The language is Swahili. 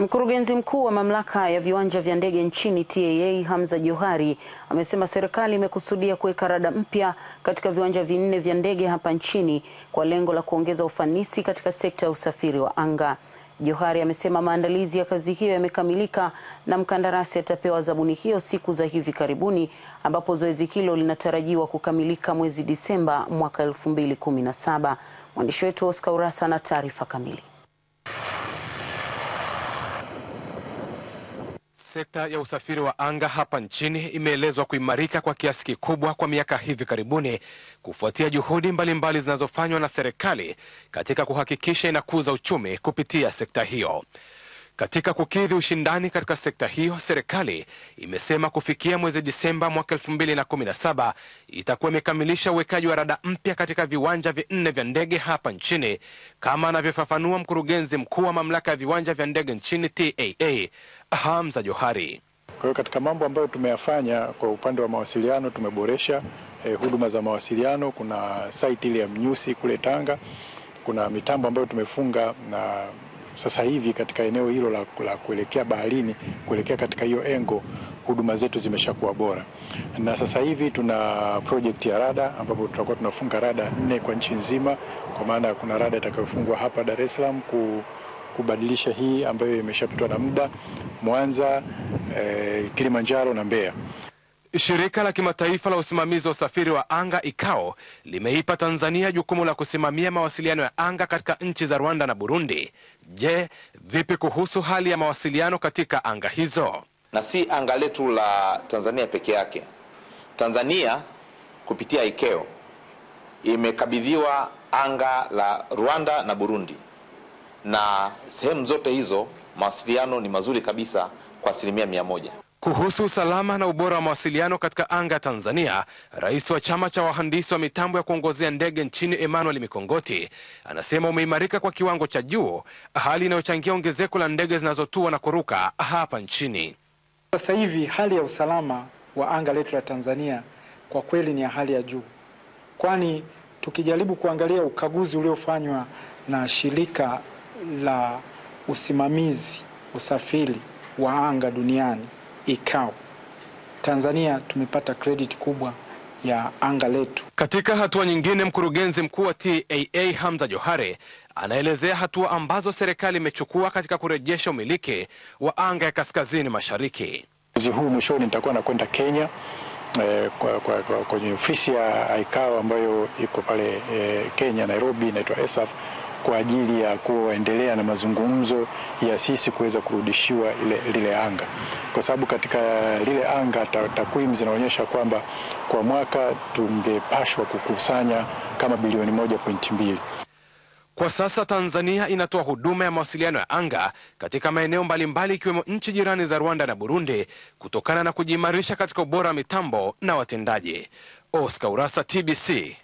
Mkurugenzi mkuu wa mamlaka ya viwanja vya ndege nchini TAA Hamza Johari amesema serikali imekusudia kuweka rada mpya katika viwanja vinne vya ndege hapa nchini kwa lengo la kuongeza ufanisi katika sekta ya usafiri wa anga. Johari amesema maandalizi ya kazi hiyo yamekamilika na mkandarasi atapewa zabuni hiyo siku za hivi karibuni ambapo zoezi hilo linatarajiwa kukamilika mwezi Disemba mwaka 2017. Mwandishi wetu Oscar Urasa ana taarifa kamili. Sekta ya usafiri wa anga hapa nchini imeelezwa kuimarika kwa kiasi kikubwa kwa miaka hivi karibuni kufuatia juhudi mbalimbali zinazofanywa na serikali katika kuhakikisha inakuza uchumi kupitia sekta hiyo. Katika kukidhi ushindani katika sekta hiyo, serikali imesema kufikia mwezi Disemba mwaka 2017 itakuwa imekamilisha uwekaji wa rada mpya katika viwanja vinne vya ndege hapa nchini, kama anavyofafanua mkurugenzi mkuu wa mamlaka ya viwanja vya ndege nchini TAA, Hamza Johari. Kwa hiyo katika mambo ambayo tumeyafanya kwa upande wa mawasiliano, tumeboresha eh, huduma za mawasiliano. Kuna site ile ya Mnyusi kule Tanga, kuna mitambo ambayo tumefunga na sasa hivi katika eneo hilo la, la kuelekea baharini kuelekea katika hiyo engo huduma zetu zimeshakuwa bora, na sasa hivi tuna project ya rada ambapo tutakuwa tunafunga rada nne kwa nchi nzima, kwa maana kuna rada itakayofungwa hapa Dar es Salaam ku kubadilisha hii ambayo imeshapitwa na muda, Mwanza, eh, Kilimanjaro na Mbeya. Shirika la kimataifa la usimamizi wa usafiri wa anga ICAO limeipa Tanzania jukumu la kusimamia mawasiliano ya anga katika nchi za Rwanda na Burundi. Je, vipi kuhusu hali ya mawasiliano katika anga hizo? Na si anga letu la Tanzania peke yake. Tanzania kupitia ICAO imekabidhiwa anga la Rwanda na Burundi, na sehemu zote hizo mawasiliano ni mazuri kabisa kwa asilimia mia moja. Kuhusu usalama na ubora wa mawasiliano katika anga Tanzania, rais wa chama cha wahandisi wa mitambo ya kuongozea ndege nchini Emmanuel Mikongoti anasema umeimarika kwa kiwango cha juu, hali inayochangia ongezeko la ndege zinazotua na kuruka hapa nchini. Sasa hivi hali ya usalama wa anga letu la Tanzania kwa kweli ni ya hali ya juu, kwani tukijaribu kuangalia ukaguzi uliofanywa na shirika la usimamizi usafiri wa anga duniani ICAO. Tanzania tumepata credit kubwa ya anga letu. Katika hatua nyingine, mkurugenzi mkuu wa TAA Hamza johare anaelezea hatua ambazo serikali imechukua katika kurejesha umiliki wa anga ya kaskazini mashariki. Mwezi huu mwishoni nitakuwa nakwenda Kenya eh, kwa, kwa, kwa, kwenye ofisi ya ICAO ambayo iko pale eh, Kenya Nairobi, inaitwa ESAF kwa ajili ya kuendelea na mazungumzo ya sisi kuweza kurudishiwa ile, lile anga, kwa sababu katika lile anga takwimu zinaonyesha kwamba kwa mwaka tungepashwa kukusanya kama bilioni moja pointi mbili. Kwa sasa Tanzania inatoa huduma ya mawasiliano ya anga katika maeneo mbalimbali ikiwemo nchi jirani za Rwanda na Burundi kutokana na kujiimarisha katika ubora wa mitambo na watendaji. Oscar Urasa, TBC.